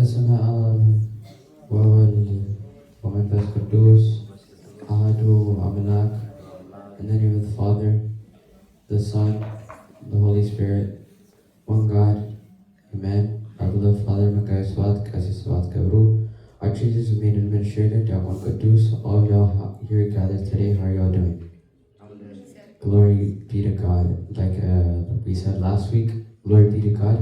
በስመ አብ ወወልድ ወመንፈስ ቅዱስ አሐዱ አምላክ In the name of the Father, the Son, the Holy Spirit, one God, Amen. Our beloved Father, Makai Swat, Kasi Swat Gabru, our Jesus who made administrator, Dagon Kudus, all of y'all here gathered today, how are y'all doing? Glory be to God. Like, uh, like we said last week, glory be to God.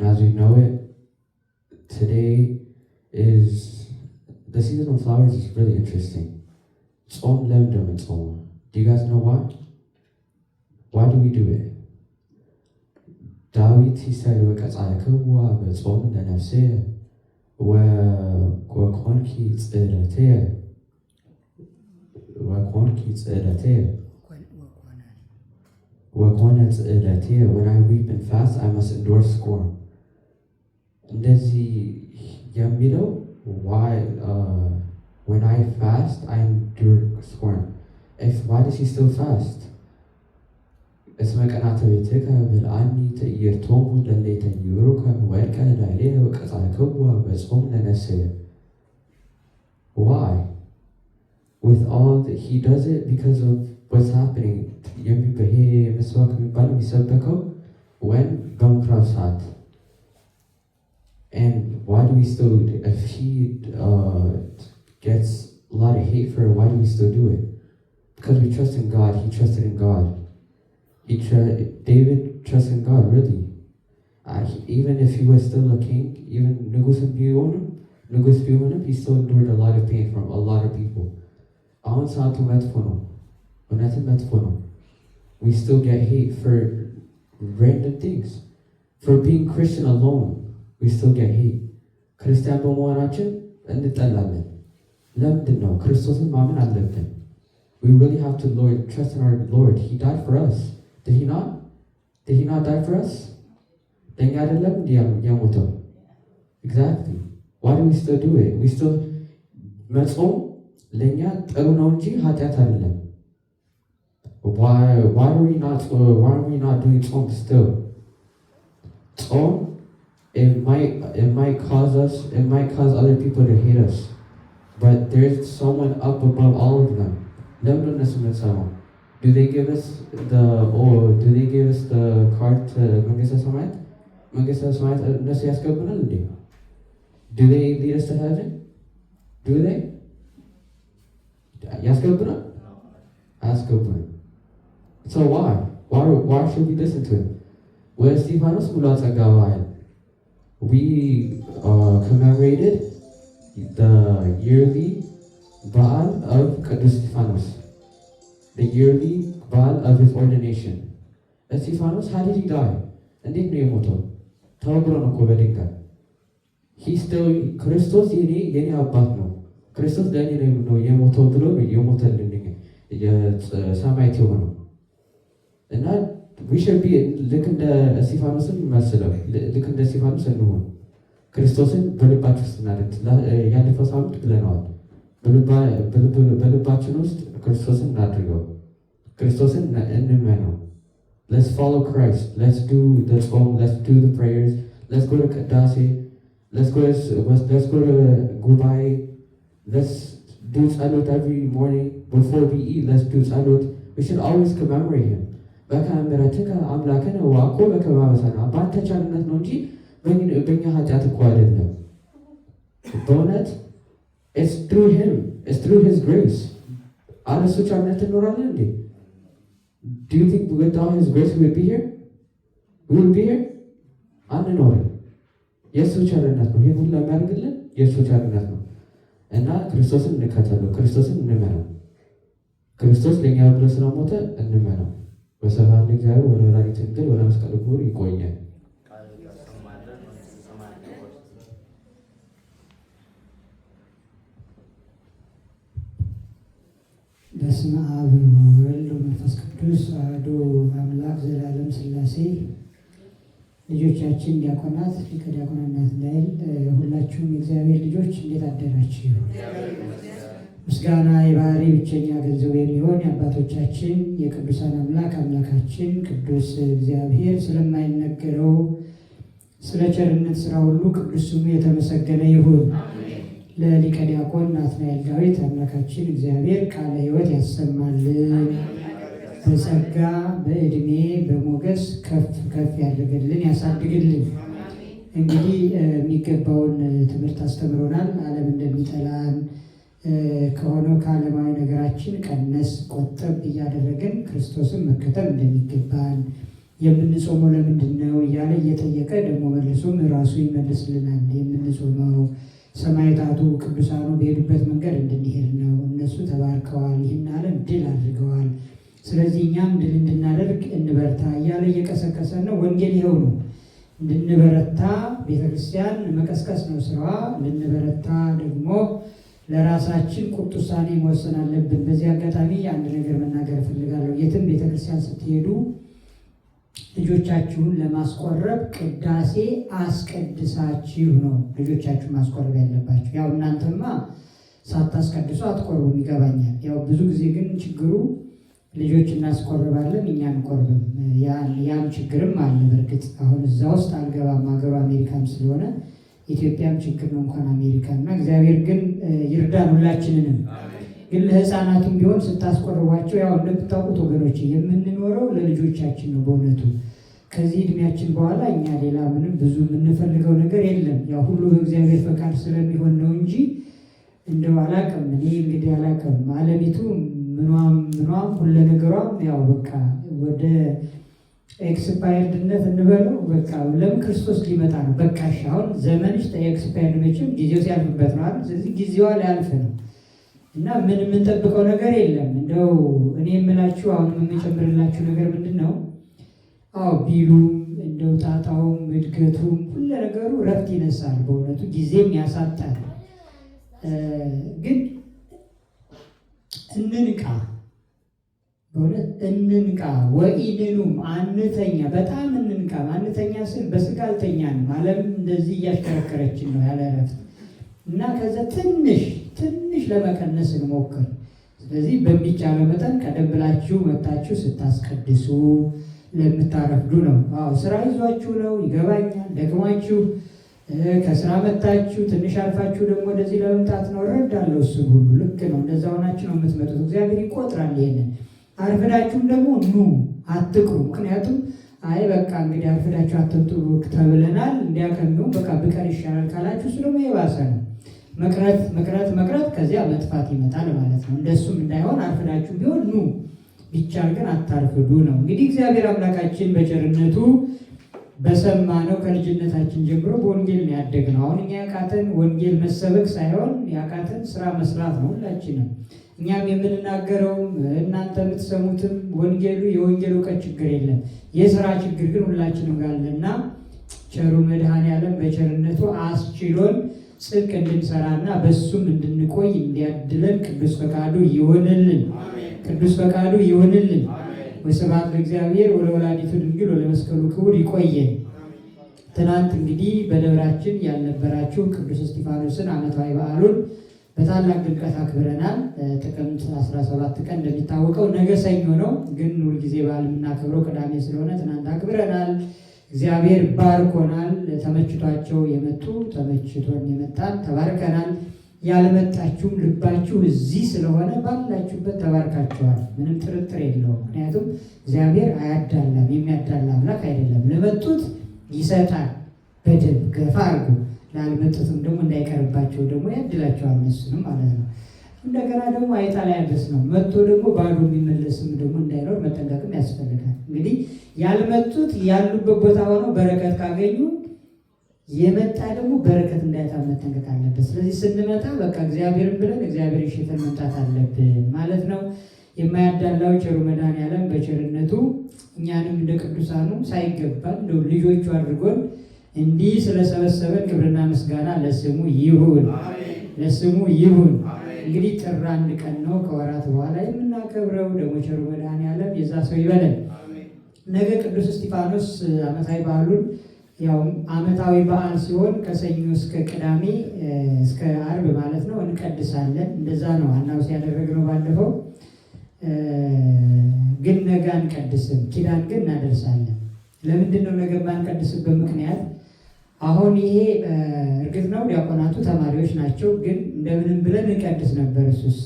And as we know it, today is the season of flowers is really interesting. It's on lavender. it's on. Do you guys know why? Why do we do it? ዳዊት ሲሳይወ ቀጻዕክዋ በጾም ለነፍስየ ወኮንኪ ጽዕለትየ ወኮንኪ ጽዕለትየ ወኮነ ጽዕለትየ When I weep and fast, I must endure scorn. እንደዚህ የሚለው uh, when I fast, I endure scorn. If, why does he still fast? እስመ ቀናተ ቤትከ ብልዓኒ ትእየርቶሙ ለሌተ ይብሩከ ወልቀ ላዕሌነ ወቀጻዕክዋ በጾም ለነስየ Why? With all that he does it because of what's happening. የሚበሄ መስዋክ የሚባለው የሚሰበከው when በምኩራብ ሰዓት and why do we still, if he uh, gets a lot of hate for it, why do we still do it? Because we trust in God. He trusted in God. He tr- David trusted in God, really. Uh, he, even if he was still a king, even Nugusunum, he still endured a lot of pain from a lot of people. We still get hate for random things, for being Christian alone. We still ማስታወቂያ ይሄ ክርስቲያን በመሆናችን እንጠላለን። ለምንድን ነው? ክርስቶስን ማመን አለብን። we really have to Lord, trust in our Lord. He died for us. Did he not? Did he not die for us? ለእኛ አይደለም የሞተው? Exactly. Why do we still do it? We still መጾም ለእኛ ጥሩ ነው እንጂ ኃጢአት አይደለም። Why, why, are we not, why are we not doing ጾም still? ጾም it might it might cause us it might cause other people to hate us but there's someone up above all of them do they give us the or oh, do they give us the card to uh, do they lead us to heaven do they Ask open. so why why why should we listen to him ወደ እስጢፋኖስ ሙሉ አጸጋ we uh, commemorated the yearly Baal of ቅዱስ እስጢፋኖስ the yearly Baal of his ordination እስጢፋኖስ how did he die እንዴት ነው የሞተው ተወግሮ ነው እኮ በድንጋይ he still ክርስቶስ የኔ የኔ አባት ነው ክርስቶስ ለእኔ ነው የሞተው ብሎ የሞተልን ሰማዕት የሆነው እና ልክ እንደ እስጢፋኖስን መስለው ልክ እንደ እስጢፋኖስ እንሆን። ክርስቶስን በልባችን ውስጥ እናድርግ። ያለፈው ሳምንት ብለነዋል። በልባችን ውስጥ ክርስቶስን እናድርገው፣ ክርስቶስን እንመነው። Let's follow Christ. Let's do the ጾም. Let's do the prayers. Let's go to ቅዳሴ. Let's go to ጉባኤ. Let's do ጸሎት every morning. Before we eat, let's do ጸሎት. We should always commemorate him. በከምሕረትከ አምላክነ ወአኮ በከመ በአንተ ቸርነት ነው እንጂ በእኛ ኃጢአት እኮ አይደለም። በእውነት ኢትስ ሂም ኢትስ ሂዝ ግሬስ። አለ እሱ ቸርነት እንኖራለን እንዴ? ዱ ዩ ቲንክ ዊዝአውት ሂዝ ግሬስ ዊል ቢ ሂር ዊል ቢ ሂር አንኖርም። የእሱ ቸርነት ነው ይሄን ሁሉ የሚያደርግልን የእሱ ቸርነት ነው። እና ክርስቶስን እንከተለው፣ ክርስቶስን እንመነው። ክርስቶስ ለእኛ ብሎ ስለሞተ እንመነው። በሰባ አንድ እግዚአብሔር ወደ ወላዲተ ድንግል ወደ መስቀል ክቡር ይቆየን። በስመ አብ ወወልድ ወመንፈስ ቅዱስ አሐዱ አምላክ ዘላለም ሥላሴ። ልጆቻችን ዲያቆናት፣ ሊቀ ዲያቆናት ናትናኤል፣ ሁላችሁም የእግዚአብሔር ልጆች እንዴት አደራችሁ? ምስጋና የባህሪ ብቸኛ ገንዘብ የሚሆን የአባቶቻችን የቅዱሳን አምላክ አምላካችን ቅዱስ እግዚአብሔር ስለማይነገረው ስለ ቸርነት ስራ ሁሉ ቅዱስ ስሙ የተመሰገነ ይሁን። ለሊቀ ዲያቆን ናትናኤል ዳዊት አምላካችን እግዚአብሔር ቃለ ሕይወት ያሰማልን፣ በጸጋ በእድሜ በሞገስ ከፍ ከፍ ያደርግልን፣ ያሳድግልን። እንግዲህ የሚገባውን ትምህርት አስተምሮናል። ዓለም እንደሚጠላን ከሆነው ከዓለማዊ ነገራችን ቀነስ ቆጠብ እያደረገን ክርስቶስን መከተል እንደሚገባን የምንጾመው ለምንድን ነው እያለ እየጠየቀ ደግሞ መልሶም ራሱ ይመልስልናል። የምንጾመው ሰማዕታቱ ቅዱሳኑ በሄዱበት መንገድ እንድንሄድ ነው። እነሱ ተባርከዋል፣ ይህን ዓለም ድል አድርገዋል። ስለዚህ እኛም ድል እንድናደርግ እንበርታ እያለ እየቀሰቀሰ ነው። ወንጌል ይኸው ነው። እንድንበረታ ቤተክርስቲያን መቀስቀስ ነው ስራዋ። እንድንበረታ ደግሞ ለራሳችን ቁርጥ ውሳኔ መወሰን አለብን። በዚህ አጋጣሚ አንድ ነገር መናገር እፈልጋለሁ። የትም ቤተክርስቲያን ስትሄዱ ልጆቻችሁን ለማስቆረብ ቅዳሴ አስቀድሳችሁ ነው ልጆቻችሁን ማስቆረብ ያለባችሁ። ያው እናንተማ ሳታስቀድሱ አትቆርቡም ይገባኛል። ያው ብዙ ጊዜ ግን ችግሩ ልጆች እናስቆርባለን እኛ አንቆርብም። ያም ችግርም አለ። በእርግጥ አሁን እዛ ውስጥ አልገባም፣ ሀገሩ አሜሪካም ስለሆነ ኢትዮጵያም ችግር ነው እንኳን አሜሪካ እና እግዚአብሔር ግን ይርዳን ሁላችንንም። ግን ለህፃናቱም ቢሆን ስታስቆርቧቸው፣ ያው እንደምታውቁት ወገኖች የምንኖረው ለልጆቻችን ነው። በእውነቱ ከዚህ እድሜያችን በኋላ እኛ ሌላ ምንም ብዙ የምንፈልገው ነገር የለም። ያው ሁሉ በእግዚአብሔር ፈቃድ ስለሚሆን ነው እንጂ እንደው አላውቅም። እኔ እንግዲህ አላቀም አለሚቱ ምኗም ምኗም ሁለ ነገሯም ያው በቃ ወደ ኤክስፓየርድነት እንበለው በቃ ለምን ክርስቶስ ሊመጣ ነው። በቃ እሺ አሁን ዘመንሽ ኤክስፓየርድ መቼም ጊዜው ሲያልፍበት ነው አይደል? ስለዚህ ጊዜዋ ሊያልፍ ነው እና ምን የምንጠብቀው ነገር የለም። እንደው እኔ የምላችሁ አሁን የምንጨምርላችሁ ነገር ምንድን ነው? አዎ ቢሉም እንደው ጣጣውም እድገቱም ሁሉ ነገሩ ረፍት ይነሳል፣ በእውነቱ ጊዜም ያሳጣል። ግን እንንቃ በእውነት እንንቃ ወኢድኑም አንተኛ፣ በጣም እንንቃ። አንተኛ ስል በስጋ አልተኛንም። ዓለም እንደዚህ እያሽከረከረችን ነው ያለ እረፍት እና ከዛ ትንሽ ትንሽ ለመቀነስ እንሞክር። ስለዚህ በሚቻለው መጠን ቀደም ብላችሁ መታችሁ ስታስቀድሱ ለምታረፍዱ ነው። አዎ ስራ ይዟችሁ ነው ይገባኛል። ደግማችሁ ከስራ መታችሁ ትንሽ አልፋችሁ ደግሞ ወደዚህ ለመምጣት ነው። እረዳለሁ። እሱን ሁሉ ልክ ነው። እንደዛ ሆናችሁ ነው የምትመጡት። እግዚአብሔር ይቆጥራል ይሄንን አርፍዳችሁም ደግሞ ኑ አትቅሩ። ምክንያቱም አይ በቃ እንግዲህ አርፍዳችሁ አትጡ ተብለናል። እንዲያ ከሚሆን በቃ ብቀር ይሻላል ካላችሁ እሱ ደግሞ የባሰ ነው። መቅረት መቅረት መቅረት ከዚያ መጥፋት ይመጣል ማለት ነው። እንደሱም እንዳይሆን አርፍዳችሁ ቢሆን ኑ፣ ቢቻል ግን አታርፍዱ ነው። እንግዲህ እግዚአብሔር አምላካችን በቸርነቱ ነው ከልጅነታችን ጀምሮ በወንጌል ያደግነው አሁን እኛ ያቃተን ወንጌል መሰበክ ሳይሆን ያቃተን ስራ መስራት ነው ሁላችንም እኛም የምንናገረውም እናንተ የምትሰሙትም ወንጌሉ የወንጌል እውቀት ችግር የለም። የስራ ችግር ግን ሁላችንም ጋለና አለና ቸሩ መድኃኔዓለም በቸርነቱ አስችሎን ጽድቅ እንድንሰራና በሱም እንድንቆይ እንዲያድለን ቅዱስ ፈቃዱ ይሆንልን። ቅዱስ ፈቃዱ ይሆንልን። ወስብሐት ለእግዚአብሔር ወለወላዲቱ ድንግል ወለመስቀሉ ክቡር። ይቆየን። ትናንት እንግዲህ በደብራችን ያልነበራችሁ ቅዱስ እስጢፋኖስን ዓመታዊ በዓሉን በታላቅ ድምቀት አክብረናል። ጥቅምት 17 ቀን እንደሚታወቀው ነገ ሰኞ ነው፣ ግን ሁልጊዜ በዓል የምናከብረው ቅዳሜ ስለሆነ ትናንት አክብረናል። እግዚአብሔር ባርኮናል። ተመችቷቸው የመጡ ተመችቶን የመጣን ተባርከናል። ያልመጣችሁም ልባችሁ እዚህ ስለሆነ ባላችሁበት ተባርካችኋል። ምንም ጥርጥር የለውም። ምክንያቱም እግዚአብሔር አያዳላም፣ የሚያዳላ አምላክ አይደለም። ለመጡት ይሰጣል በደንብ ገፋ አርጉ። ላልመጡትም ደግሞ እንዳይቀርባቸው ደግሞ ያድላቸዋል እነሱንም ማለት ነው። እንደገና ደግሞ አይጣላያደስ ነው መጥቶ ደግሞ ባዶ የሚመለስም ደግሞ እንዳይኖር መጠንቀቅም ያስፈልጋል። እንግዲህ ያልመጡት ያሉበት ቦታ ሆነው በረከት ካገኙ የመጣ ደግሞ በረከት እንዳይታ መጠንቀቅ አለበት። ስለዚህ ስንመጣ በቃ እግዚአብሔርን ብለን እግዚአብሔር ሸተን መምጣት አለብን ማለት ነው። የማያዳላው ቸሩ መዳን ዓለም በቸርነቱ እኛንም እንደ ቅዱሳኑ ሳይገባን ልጆቹ አድርጎን እንዲህ ስለሰበሰበን ክብርና ምስጋና ለስሙ ይሁን፣ ለስሙ ይሁን። እንግዲህ ጥር አንድ ቀን ነው ከወራት በኋላ የምናከብረው። ደግሞ ቸሩ መድኃኔዓለም የዛ ሰው ይበለን። ነገ ቅዱስ እስጢፋኖስ ዓመታዊ በዓሉን ያው ዓመታዊ በዓል ሲሆን ከሰኞ እስከ ቅዳሜ እስከ አርብ ማለት ነው እንቀድሳለን። እንደዛ ነው አናውስ ያደረግነው ባለፈው። ግን ነገ አንቀድስም፣ ኪዳን ግን እናደርሳለን። ለምንድን ነው ነገ ማንቀድስበት ምክንያት አሁን ይሄ እርግጥ ነው ዲያቆናቱ ተማሪዎች ናቸው፣ ግን እንደምንም ብለን እንቀድስ ነበር። እሱስ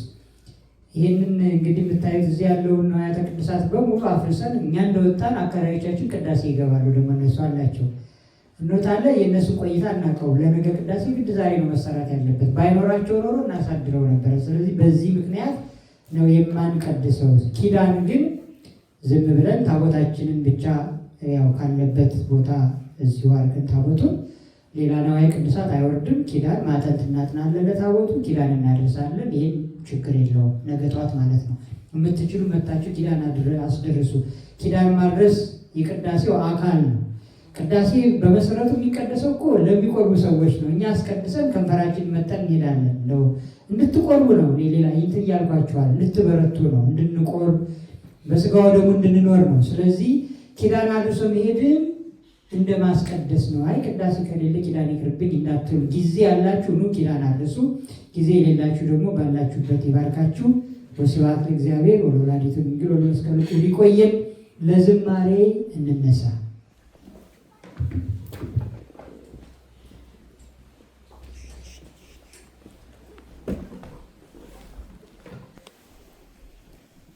ይህንን እንግዲህ የምታዩት እዚህ ያለውን ንዋያተ ቅድሳት በሙሉ አፍርሰን እኛ እንደወጣን አካባቢዎቻችን ቅዳሴ ይገባሉ። ደግሞ እነሱ አላቸው እንወጣለ የእነሱ ቆይታ እናቀው ለነገ ቅዳሴ ግድ ዛሬ ነው መሰራት ያለበት። ባይኖራቸው ኖሮ እናሳድረው ነበረ። ስለዚህ በዚህ ምክንያት ነው የማንቀድሰው። ኪዳን ግን ዝም ብለን ታቦታችንን ብቻ ያው ካለበት ቦታ እዚሁ አርገን ታቦቱን ሌላ ነዋይ ቅዱሳት አይወርድም። ኪዳን ማተት እናጥናለን፣ ለታቦቱ ኪዳን እናደርሳለን። ይህም ችግር የለውም። ነገ ጠዋት ማለት ነው የምትችሉ መታችሁ ኪዳን አስደርሱ። ኪዳን ማድረስ የቅዳሴው አካል ነው። ቅዳሴ በመሰረቱ የሚቀደሰው እኮ ለሚቆርቡ ሰዎች ነው። እኛ አስቀድሰን ከንፈራችን መጠን እንሄዳለን። ነው እንድትቆርቡ ነው። ሌላ ይት እያልኳችኋል፣ እንድትበረቱ ነው፣ እንድንቆርብ በስጋው ደግሞ እንድንኖር ነው። ስለዚህ ኪዳን አድርሶ መሄድም እንደ ማስቀደስ ነው። አይ ቅዳሴ ከሌለ ኪዳን ይቅርብኝ እንዳትሉ፣ ጊዜ ያላችሁ ኑ ኪዳን አድርሱ። ጊዜ የሌላችሁ ደግሞ ባላችሁበት ይባርካችሁ። ወስብሐት ለእግዚአብሔር ወለወላዲቱ ድንግል ወለመስቀሉ ክቡር። ይቆየን። ለዝማሬ እንነሳ።